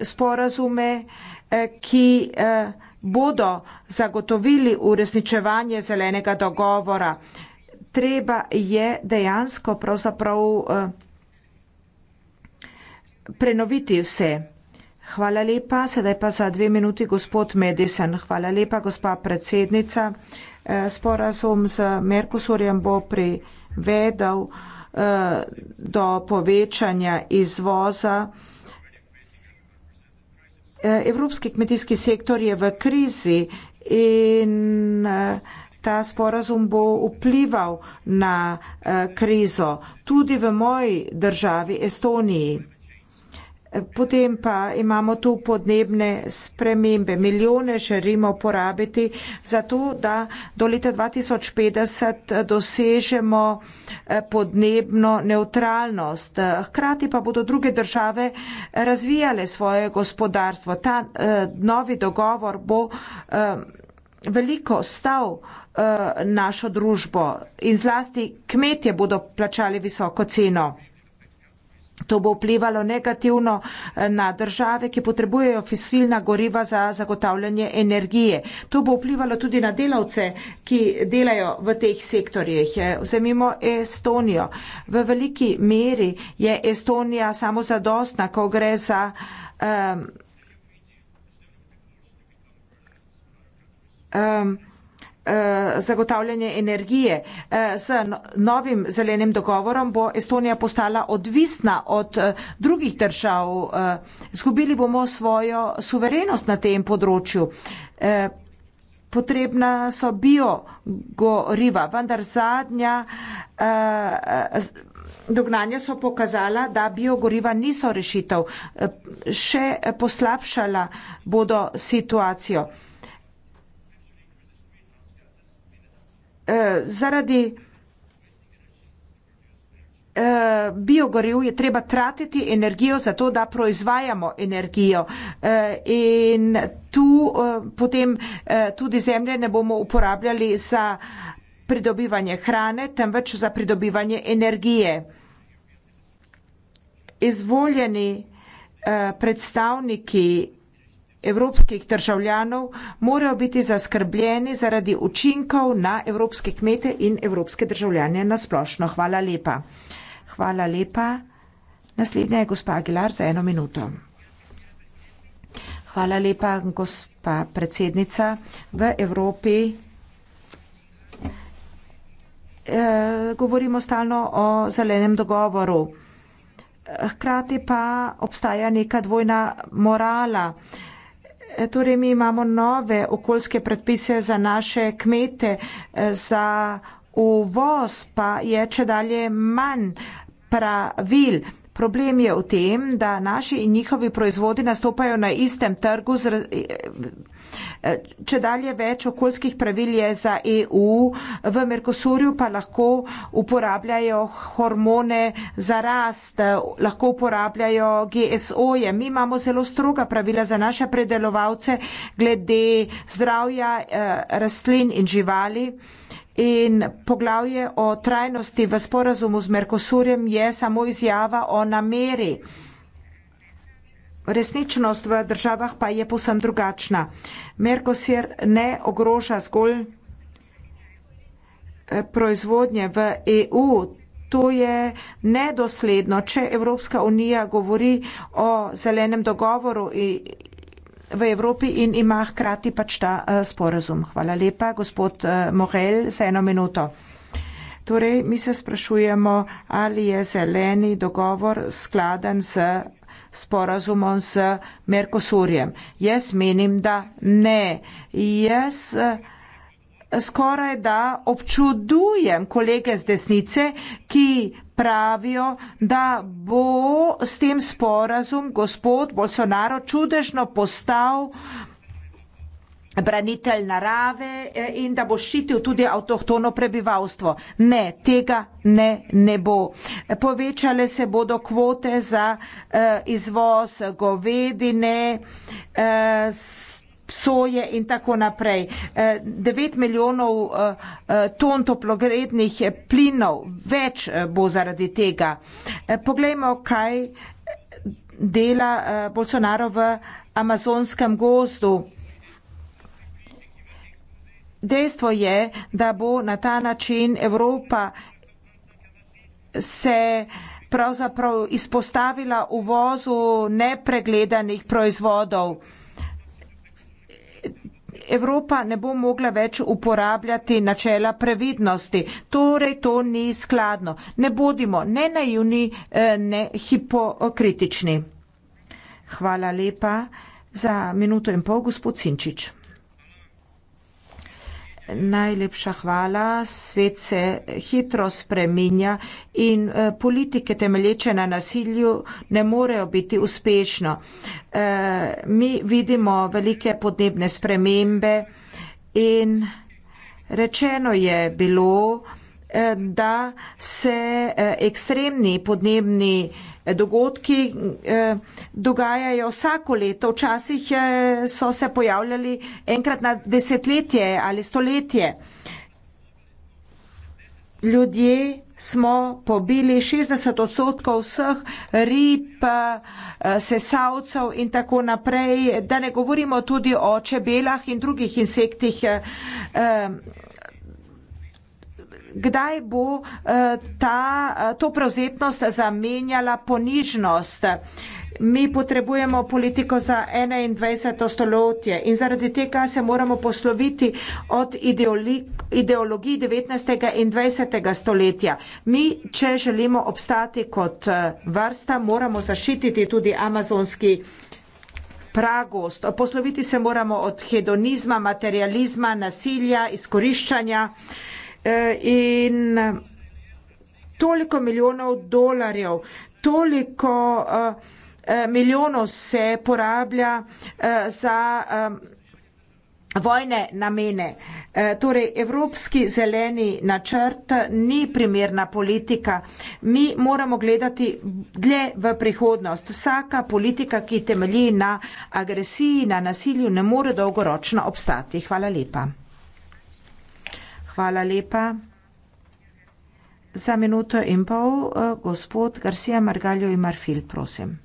C: sporazume, eh, ki eh, bodo zagotovili uresničevanje zelenega dogovora. Treba je dejansko pravzaprav eh, prenoviti vse. Hvala lepa, sedaj pa za dve minuti gospod Medisen. Hvala lepa, gospa predsednica. Sporazum z Merkusurjem bo privedel do povečanja izvoza Evropski kmetijski sektor je v krizi in eh, ta sporazum bo vplival na eh, krizo tudi v moji državi Estoniji. Potem pa imamo tu podnebne spremembe. Milijone želimo porabiti za to, da do leta 2050 dosežemo eh, podnebno neutralnost. Hkrati pa bodo druge države eh, razvijale svoje gospodarstvo. Ta eh, novi dogovor bo veliko stav našo družbo in zlasti kmetje bodo plačali visoko ceno. To bo vplivalo negativno eh, na države, ki potrebujejo fosilna goriva za zagotavljanje energije. To bo vplivalo tudi na delavce, ki delajo v teh sektorjih. Eh, vzemimo Estonijo. V veliki meri je Estonija samo zadostna, ko gre za. Um, um, Eh, zagotavljanje energije eh, s no-, novim zelenim dogovorom bo Estonija postala odvisna od eh, drugih držav. Zgubili bomo svojo suverenost na tem področju. Potrebna so biogoriva, vendar zadnja dognanja so pokazala, da biogoriva niso rešitev. Še poslabšala bodo situacijo. eh, zaradi eh, biogoriv je treba tratiti energijo za to, da proizvajamo energijo. Eh, in tu eh, potem eh, tudi zemlje ne bomo uporabljali za pridobivanje hrane, temveč za pridobivanje energije. Izvoljeni eh, predstavniki evropskih državljanov morajo biti zaskrbljeni zaradi učinkov na evropske kmete in evropske državljane nasplošno. Hvala lepa. Hvala lepa. Naslednja je gospa Aguilar za eno minuto. Hvala lepa, gospa predsednica. V Evropi eh, govorimo stalno o zelenem dogovoru. Hkrati pa obstaja neka dvojna morala. Eh, E, torej, mi imamo nove okoljske predpise za naše kmete, e, za uvoz pa je če dalje manj pravil. Problem je v tem, da naši in njihovi proizvodi nastopajo na istem trgu. E, e, če dalje več okoljskih pravil je za EU, v Merkosurju pa lahko uporabljajo hormone za rast, lahko uporabljajo GSO-je. Mi imamo zelo stroga pravila za naše predelovalce glede zdravja e, rastlin in živali. In poglavje o trajnosti v sporazumu z Merkosurjem je samo izjava o nameri. Resničnost v državah pa je posem drugačna. Merkosir ne ogroža zgolj eh, proizvodnje v EU. To je nedosledno, če Evropska unija govori o zelenem dogovoru v Evropi in ima hkrati pač ta eh, sporazum. Hvala lepa, gospod eh, Morel, za eno minuto. Torej, mi se sprašujemo, ali je zeleni dogovor skladen s sporazumom s Merkosurjem. Jaz menim, da ne. Jaz eh, skoraj da občudujem kolege z desnice, ki pravijo, da bo s tem sporazum gospod Bolsonaro čudežno postal branitelj narave eh, in da bo ščitil tudi avtohtono prebivalstvo. Ne, tega ne, ne bo. Povečale se bodo kvote za uh, izvoz govedine, uh, soje in tako naprej. 9 eh, milijonov eh, eh, ton toplogrednih plinov več bo zaradi tega. Poglejmo, kaj dela Bolsonaro v amazonskem gozdu. Dejstvo je, da bo na ta način Evropa se pravzaprav izpostavila uvozu nepregledanih proizvodov. Evropa ne bo mogla več uporabljati načela previdnosti. Torej, to ni skladno. Ne bodimo ne naivni, eh, ne hipokritični. Hvala lepa za minuto in pol, gospod Sinčič. Najlepša hvala. Svet se hitro spreminja in eh, politike temelječe na nasilju ne morejo biti uspešno. Eh, mi vidimo velike podnebne spremembe in rečeno je bilo, eh, da se ekstremni podnebni spremembe dogodki eh, dogajajo vsako leto. Včasih eh, so se pojavljali enkrat na desetletje ali stoletje. Ljudje smo pobili 60 odstotkov vseh rib, eh, sesavcev in tako naprej, da ne govorimo tudi o čebelah in drugih insektih kdaj bo eh, ta, eh, to prevzetnost zamenjala ponižnost. Mi potrebujemo politiko za 21. stoletje in zaradi tega se moramo posloviti od ideologiji 19. in 20. stoletja. Mi, če želimo obstati kot eh, vrsta, moramo zaščititi tudi amazonski pragost. Posloviti se moramo od hedonizma, materializma, nasilja, izkoriščanja. Eh, in eh, toliko milijonov dolarjev, toliko eh, milijonov se porablja za vojne namene. Torej, Evropski zeleni načrt ni primerna politika. Mi moramo gledati dlje v prihodnost. Vsaka politika, ki temelji na agresiji, na nasilju, ne more dolgoročno obstati. Hvala lepa. Hvala lepa. Za minuto in pol eh, gospod Garcia Margaljo in Marfil, prosim.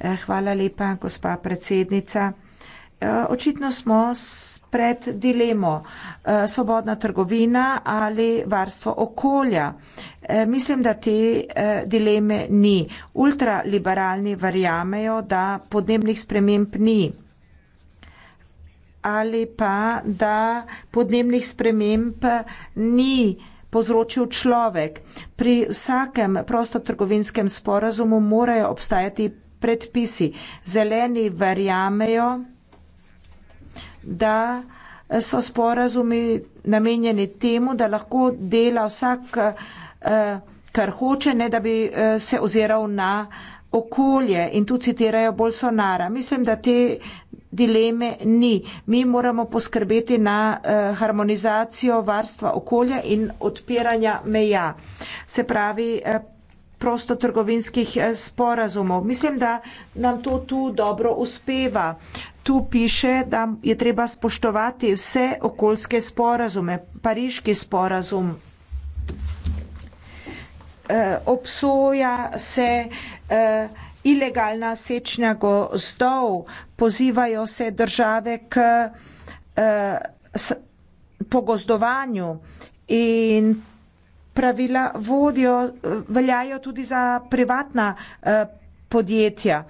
C: Eh, hvala lepa, gospa predsednica. Eh, očitno smo pred dilemo svobodna trgovina ali varstvo okolja. Mislim, da te dileme ni. Ultraliberalni verjamejo, da podnebnih sprememb ni ali pa da podnebnih sprememb ni povzročil človek. Pri vsakem prostotrgovinskem sporazumu morajo obstajati predpisi. Zeleni verjamejo, da so sporazumi namenjeni temu, da lahko dela vsak, eh, kar hoče, ne da bi eh, se oziral na okolje in tu citirajo Bolsonara. Mislim, da te dileme ni. Mi moramo poskrbeti na eh, harmonizacijo varstva okolja in odpiranja meja. Se pravi, eh, prostotrgovinskih eh, sporazumov. Mislim, da nam to tu dobro uspeva. Tu piše, da je treba spoštovati vse okoljske sporazume, pariški sporazum. Eh, obsoja se eh, ilegalna sečnja gozdov, pozivajo se države k eh, pogozdovanju in pravila vodijo, veljajo tudi za privatna podjetja.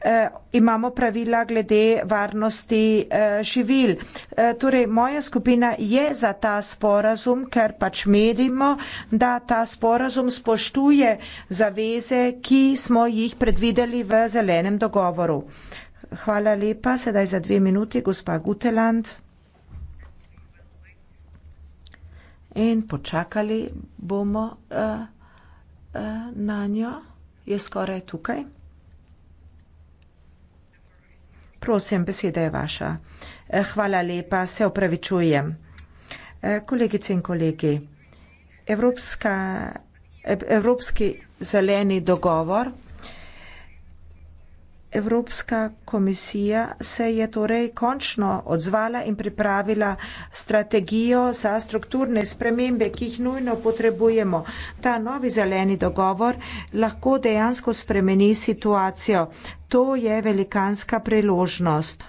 C: Eh, imamo pravila glede varnosti eh, živil. Eh, torej, moja skupina je za ta sporazum, ker pač merimo, da ta sporazum spoštuje zaveze, ki smo jih predvideli v zelenem dogovoru. Hvala lepa. Sedaj za dve minuti, gospa Guteland. In počakali bomo uh, uh, na njo. Je skoraj tukaj. Prosim, beseda je vaša. Eh, hvala lepa, se opravičujem. Eh, kolegice in kolegi, Evropska, eh, Evropski zeleni dogovor Evropska komisija se je torej končno odzvala in pripravila strategijo za strukturne spremembe, ki jih nujno potrebujemo. Ta novi zeleni dogovor lahko dejansko spremeni situacijo. To je velikanska priložnost.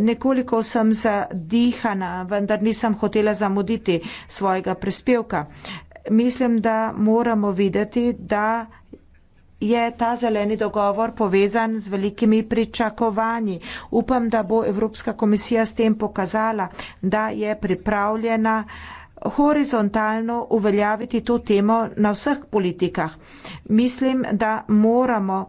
C: Nekoliko sem zadihana, vendar nisem hotela zamuditi svojega prispevka. Mislim, da moramo videti, da je ta zeleni dogovor povezan z velikimi pričakovanji. Upam, da bo Evropska komisija s tem pokazala, da je pripravljena horizontalno uveljaviti to temo na vseh politikah. Mislim, da moramo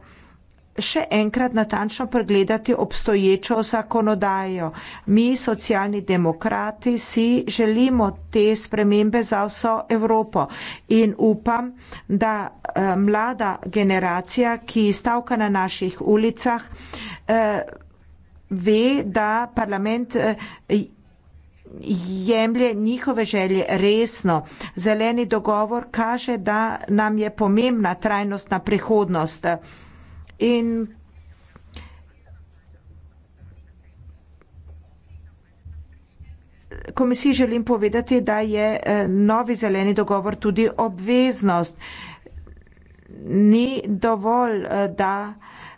C: še enkrat natančno pregledati obstoječo zakonodajo. Mi, socialni demokrati, si želimo te spremembe za vso Evropo in upam, da eh, mlada generacija, ki stavka na naših ulicah, eh, ve, da parlament. Eh, jemlje njihove želje resno. Zeleni dogovor kaže, da nam je pomembna trajnostna prihodnost in komisiji želim povedati, da je eh, novi zeleni dogovor tudi obveznost. Ni dovolj, eh, da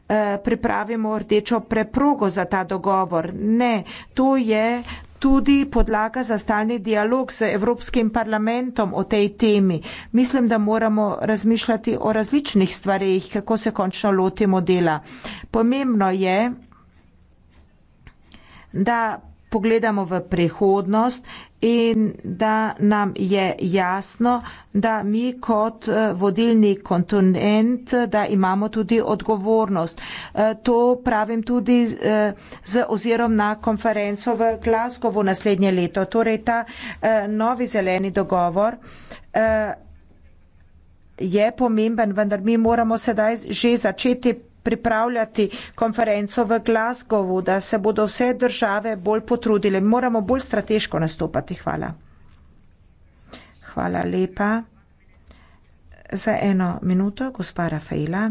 C: eh, pripravimo rdečo preprogo za ta dogovor. Ne, to je tudi podlaga za stalni dialog z Evropskim parlamentom o tej temi. Mislim, da moramo razmišljati o različnih stvarih, kako se končno lotimo dela. Pomembno je, da pogledamo v prihodnost in da nam je jasno, da mi kot eh, vodilni kontinent, eh, da imamo tudi odgovornost. Eh, to pravim tudi z ozirom na konferenco v Glasgowu naslednje leto. Torej ta novi zeleni dogovor je pomemben, vendar mi moramo sedaj že začeti pripravljati konferenco v Glasgowu, da se bodo vse države bolj potrudile. Moramo bolj strateško nastopati. Hvala. Hvala lepa. Za eno minuto, gospa Rafaela.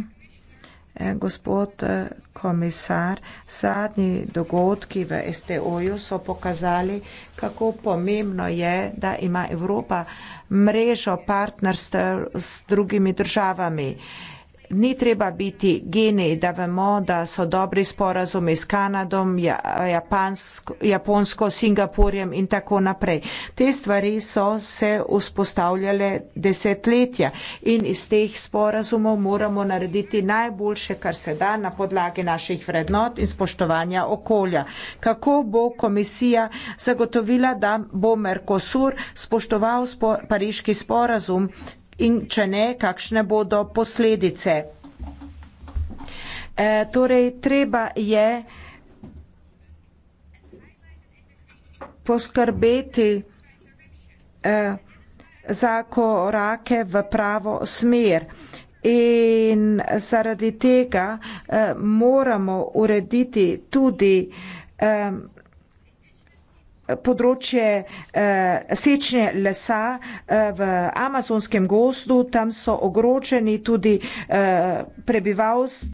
C: Eh, gospod eh, komisar, zadnji dogodki v STO-ju so pokazali, kako pomembno je, da ima Evropa mrežo partnerstv s drugimi državami ni treba biti geni, da vemo, da so dobri sporazumi s Kanadom, ja-, Japansko, Japonsko, Singapurjem in tako naprej. Te stvari so se vzpostavljale desetletja in iz teh sporazumov moramo narediti najboljše, kar se da na podlagi naših vrednot in spoštovanja okolja. Kako bo komisija zagotovila, da bo Merkosur spoštoval spo pariški sporazum? in če ne, kakšne bodo posledice. E, torej, treba je poskrbeti e, za korake v pravo smer. In zaradi tega eh, moramo urediti tudi eh, področje eh, sečnje lesa eh, v amazonskem gozdu, tam so ogroženi tudi eh, prebivalci,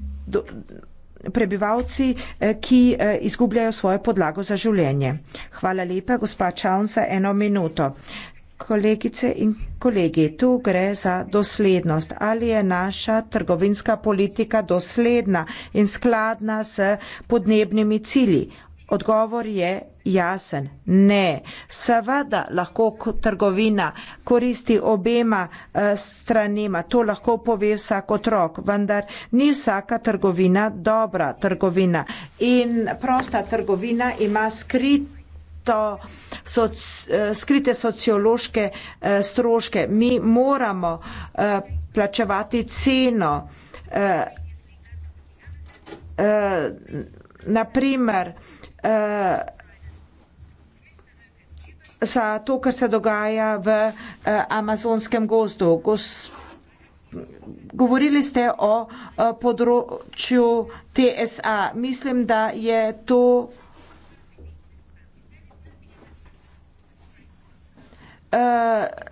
C: prebivalci eh, ki eh, izgubljajo svojo podlago za življenje. Hvala lepa, gospa Čaunca, eno minuto. Kolegice in kolegi, tu gre za doslednost. Ali je naša trgovinska politika dosledna in skladna s podnebnimi cilji? Odgovor je jasen. Ne. Seveda lahko trgovina koristi obema eh, stranima. To lahko pove vsak otrok, vendar ni vsaka trgovina dobra trgovina. In prosta trgovina ima skrit. So, eh, skrite sociološke eh, stroške. Mi moramo plačevati ceno. Naprimer, uh, za to, kar se dogaja v uh, amazonskem gozdu. Gos Govorili ste o uh, področju TSA. Mislim, da je to.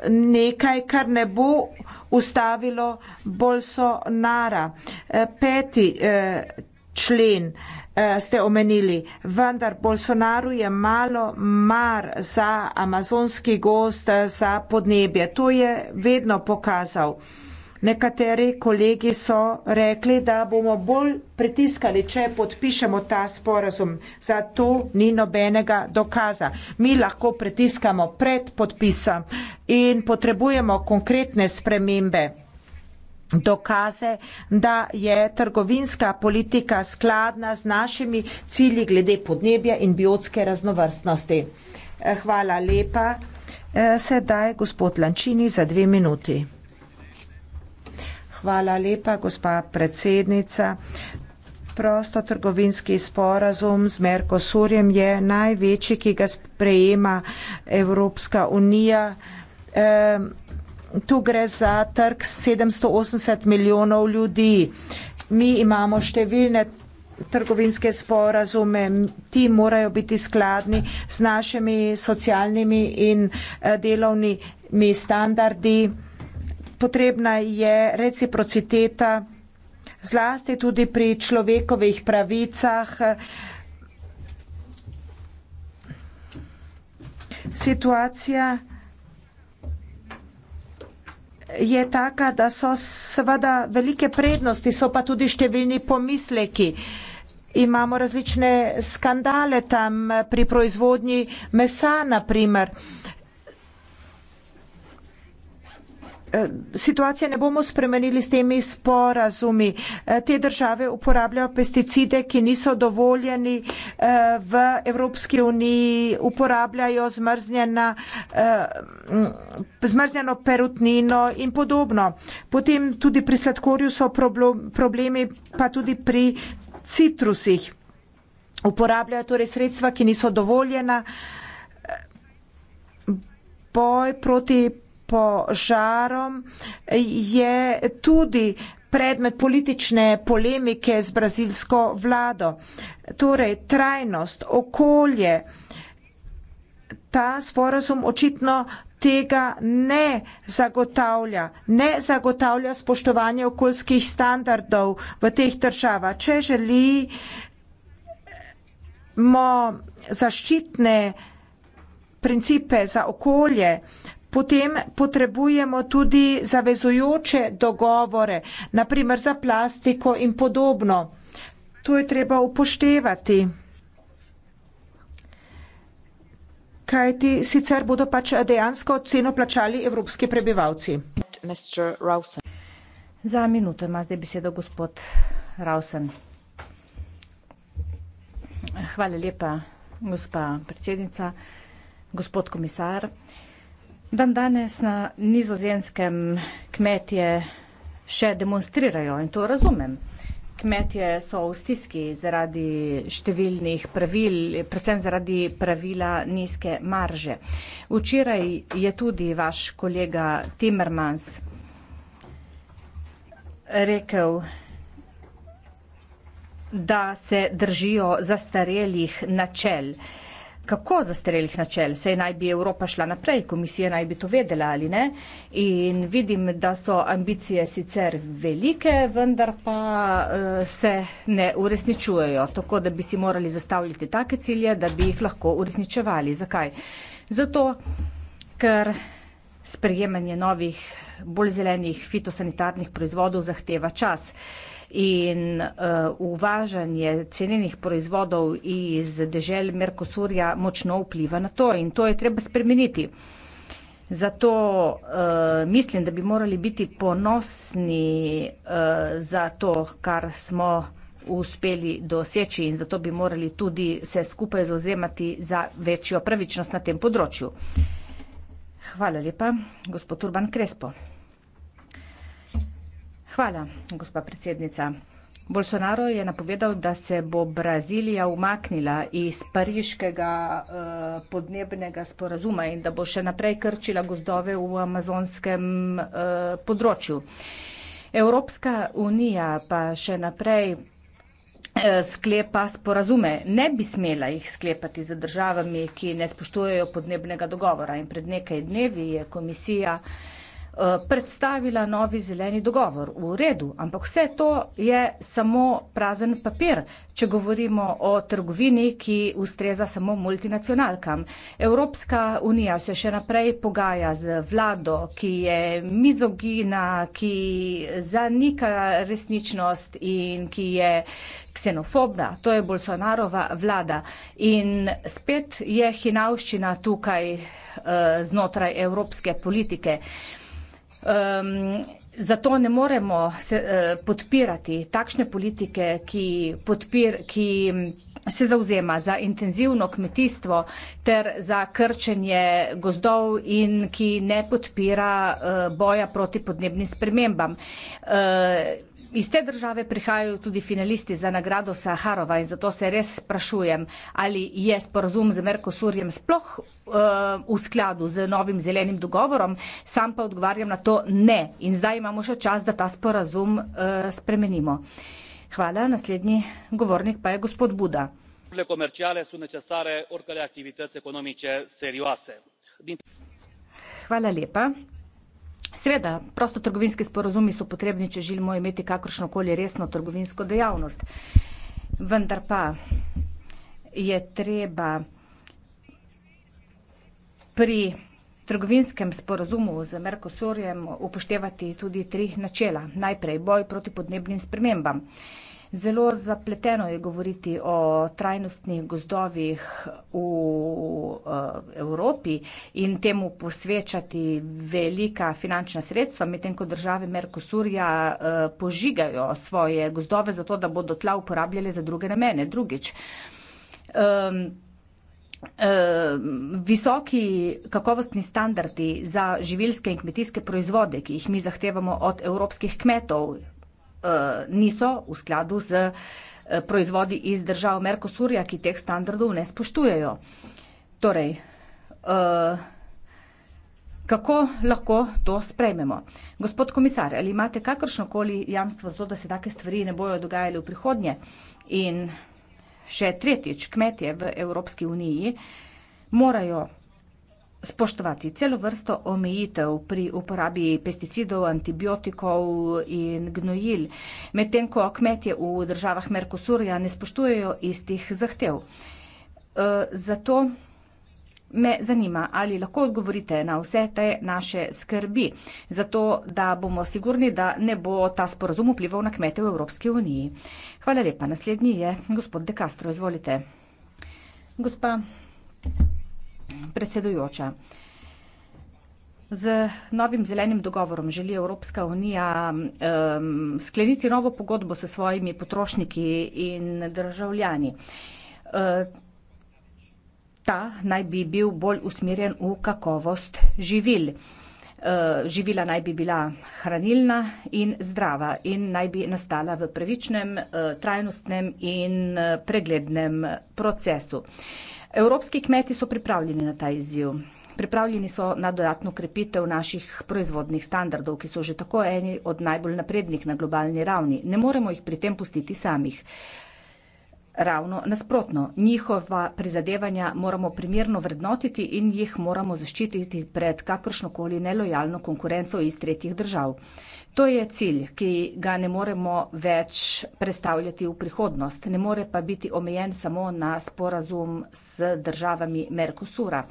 C: nekaj, kar ne bo ustavilo Bolsonara. Peti člen. Eh, ste omenili, vendar Bolsonaru je malo mar za amazonski gost, za podnebje. To je vedno pokazal. Nekateri kolegi so rekli, da bomo bolj pritiskali, če podpišemo ta sporazum. Za to ni nobenega dokaza. Mi lahko pritiskamo pred podpisom in potrebujemo konkretne spremembe dokaze, da je trgovinska politika skladna z našimi cilji glede podnebja in biotske raznovrstnosti. Hvala lepa. E, sedaj gospod Lančini za dve minuti. Hvala lepa, gospa predsednica. Prostotrgovinski sporazum z Merkosurjem je največji, ki ga sprejema Evropska unija. Ehm, tu gre za trg 780 milijonov ljudi. Mi imamo številne trgovinske sporazume, ti morajo biti skladni z našimi socialnimi in eh, delovnimi standardi. Potrebna je reciprociteta, zlasti tudi pri človekovih pravicah. Situacija je taka, da so seveda velike prednosti, so pa tudi številni pomisleki. Imamo različne skandale tam pri proizvodnji mesa, naprimer. Eh, situacije ne bomo spremenili s temi sporazumi. Eh, te države uporabljajo pesticide, ki niso dovoljeni eh, v Evropski uniji, uporabljajo zmrznjeno perutnino in podobno. Potem tudi pri sladkorju so problemi, pa tudi pri citrusih. Uporabljajo torej sredstva, ki niso dovoljena. Boj proti požarom je tudi predmet politične polemike z brazilsko vlado. Torej, trajnost, okolje, ta sporazum očitno tega ne zagotavlja, ne zagotavlja spoštovanje okoljskih standardov v teh državah. Če želimo zaščitne principe za okolje, eh, potem potrebujemo tudi zavezujoče dogovore, naprimer za plastiko in podobno. To je treba upoštevati. Kaj ti sicer bodo pač dejansko ceno plačali evropski prebivalci? Za
D: minuto ima zdaj besedo gospod Rausen. Hvala lepa, gospa predsednica, gospod komisar. Uh, Dan danes na nizozemskem kmetje še demonstrirajo in to razumem. Kmetje so v stiski zaradi številnih pravil, predvsem zaradi pravila nizke marže. Včeraj je tudi vaš kolega Timmermans rekel, da se držijo zastarelih načel kako zastarelih načel. Sej naj bi Evropa šla naprej, komisija naj bi to vedela ali ne. In vidim, da so ambicije sicer velike, vendar pa uh, se ne uresničujejo. Tako da bi si morali zastavljati take cilje, da bi jih lahko uresničevali. Zakaj? Zato, ker sprejemanje novih, bolj zelenih fitosanitarnih proizvodov zahteva čas. Uh, in uh, uvažanje cenjenih proizvodov iz dežel Merkosurja močno vpliva na to in to je treba spremeniti. Zato uh, mislim, da bi morali biti ponosni uh, za to, kar smo uspeli doseči in zato bi morali tudi se skupaj zauzemati za večjo pravičnost na tem področju. Hvala lepa, gospod Urban Krespo. Hvala, gospa predsednica. Bolsonaro je napovedal, da se bo Brazilija umaknila iz pariškega eh, podnebnega sporazuma in da bo še naprej krčila gozdove v amazonskem eh, področju. Evropska unija pa še naprej eh, sklepa sporazume. Ne bi smela jih sklepati z državami, ki ne spoštujejo podnebnega dogovora. In pred nekaj dnevi je komisija Eh, predstavila novi zeleni dogovor. V redu, ampak vse to je samo prazen papir, če govorimo o trgovini, ki ustreza samo multinacionalkam. Evropska unija se še naprej pogaja z vlado, ki je mizogina, ki zanika resničnost in ki je ksenofobna. To je Bolsonarova vlada. In spet je hinavščina tukaj eh, znotraj evropske politike. Um, zato ne moremo se, uh, podpirati takšne politike, ki, podpir, ki mm, se zauzema za intenzivno kmetijstvo ter za krčenje gozdov in ki ne podpira uh, boja proti podnebnim spremembam. Uh, Iz te države prihajajo tudi finalisti za nagrado Saharova in zato se res sprašujem, ali je sporozum z Merkosurjem sploh uh, v skladu z novim zelenim dogovorom, sam pa odgovarjam na to ne. In zdaj imamo še čas, da ta sporozum uh, eh, spremenimo. Hvala, naslednji govornik pa je gospod Buda. Hvala lepa. Seveda, prostotrgovinski sporozumi so potrebni, če želimo imeti kakršnokoli resno trgovinsko dejavnost. Vendar pa je treba pri trgovinskem sporozumu z Mercosurjem upoštevati tudi tri načela. Najprej boj proti podnebnim spremembam. Zelo zapleteno je govoriti o trajnostnih gozdovih v Evropi. Eh, Evropi in temu posvečati velika finančna sredstva, medtem ko države Merkosurja eh, požigajo svoje gozdove za to, da bodo tla uporabljali za druge namene. Drugič, um, Visoki kakovostni standardi za živilske in kmetijske proizvode, ki jih mi zahtevamo od evropskih kmetov, eh, niso v skladu z eh, proizvodi iz držav Merkosurja, ki teh standardov ne spoštujejo. Torej, Eh, kako lahko to sprejmemo. Gospod komisar, ali imate kakršnokoli jamstvo za to, da se take stvari ne bojo dogajale v prihodnje? In še tretjič, kmetje v Evropski uniji morajo spoštovati celo vrsto omejitev pri uporabi pesticidov, antibiotikov in gnojil, medtem ko kmetje v državah Merkosurja ne spoštujejo istih zahtev. Eh, zato me zanima, ali lahko odgovorite na vse te naše skrbi, zato da bomo sigurni, da ne bo ta sporozum vplival na kmete v Evropski uniji. Hvala lepa. Naslednji je gospod De Castro. Izvolite. Gospa predsedujoča. Z novim zelenim dogovorom želi Evropska unija um, skleniti novo pogodbo s svojimi potrošniki in državljani. Uh, ta naj bi bil bolj usmerjen v kakovost živil. Eh, živila naj bi bila hranilna in zdrava in naj bi nastala v pravičnem, eh, trajnostnem in eh, preglednem procesu. Evropski kmeti so pripravljeni na ta izziv. Pripravljeni so na dodatno krepitev naših proizvodnih standardov, ki so že tako eni od najbolj naprednih na globalni ravni. Ne moremo jih pri tem pustiti samih. Ravno nasprotno, njihova prizadevanja moramo primerno vrednotiti in jih moramo zaščititi pred kakršnokoli nelojalno konkurenco iz tretjih držav. To je cilj, ki ga ne moremo več predstavljati v prihodnost, ne more pa biti omejen samo na sporazum s državami Merkosura.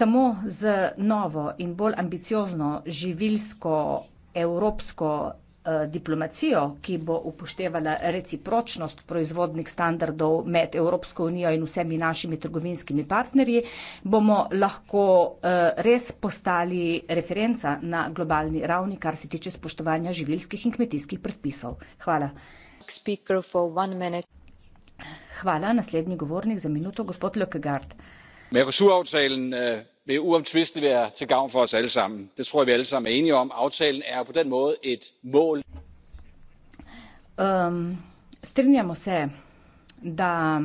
D: Samo z novo in bolj ambiciozno živilsko evropsko Eh, diplomacijo, ki bo upoštevala recipročnost proizvodnih standardov med Evropsko unijo in vsemi našimi trgovinskimi partnerji, bomo lahko eh, res postali referenca na globalni ravni, kar se tiče spoštovanja živilskih in kmetijskih predpisov. Hvala. Hvala. Naslednji govornik za minuto, gospod Lökkegaard vil uomtvisteligt være til gavn for os alle sammen det tror jeg vi alle sammen er enige om
B: aftalen er på den måde et mål
D: um, strinjamo se da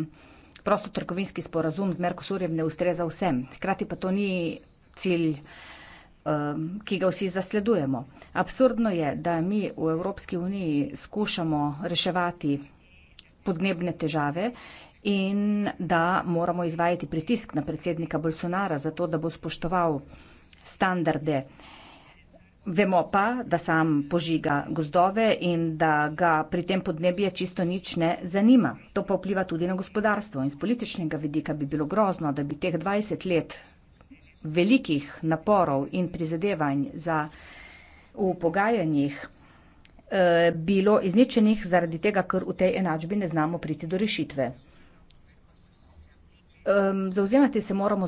D: prostotrgovinski sporazum z Merkosurjem ne ustreza vsem. Hkrati pa to ni cilj, ehm, ki ga vsi zasledujemo. Absurdno je, da mi v Evropski uniji skušamo reševati podnebne težave in da moramo izvajati pritisk na predsednika Bolsonara za to, da bo spoštoval standarde. Vemo pa, da sam požiga gozdove in da ga pri tem podnebje čisto nič ne zanima. To pa vpliva tudi na gospodarstvo in z političnega vidika bi bilo grozno, da bi teh 20 let velikih naporov in prizadevanj za v pogajanjih eh, bilo izničenih zaradi tega, ker v tej enačbi ne znamo priti do rešitve um, zauzemati se moramo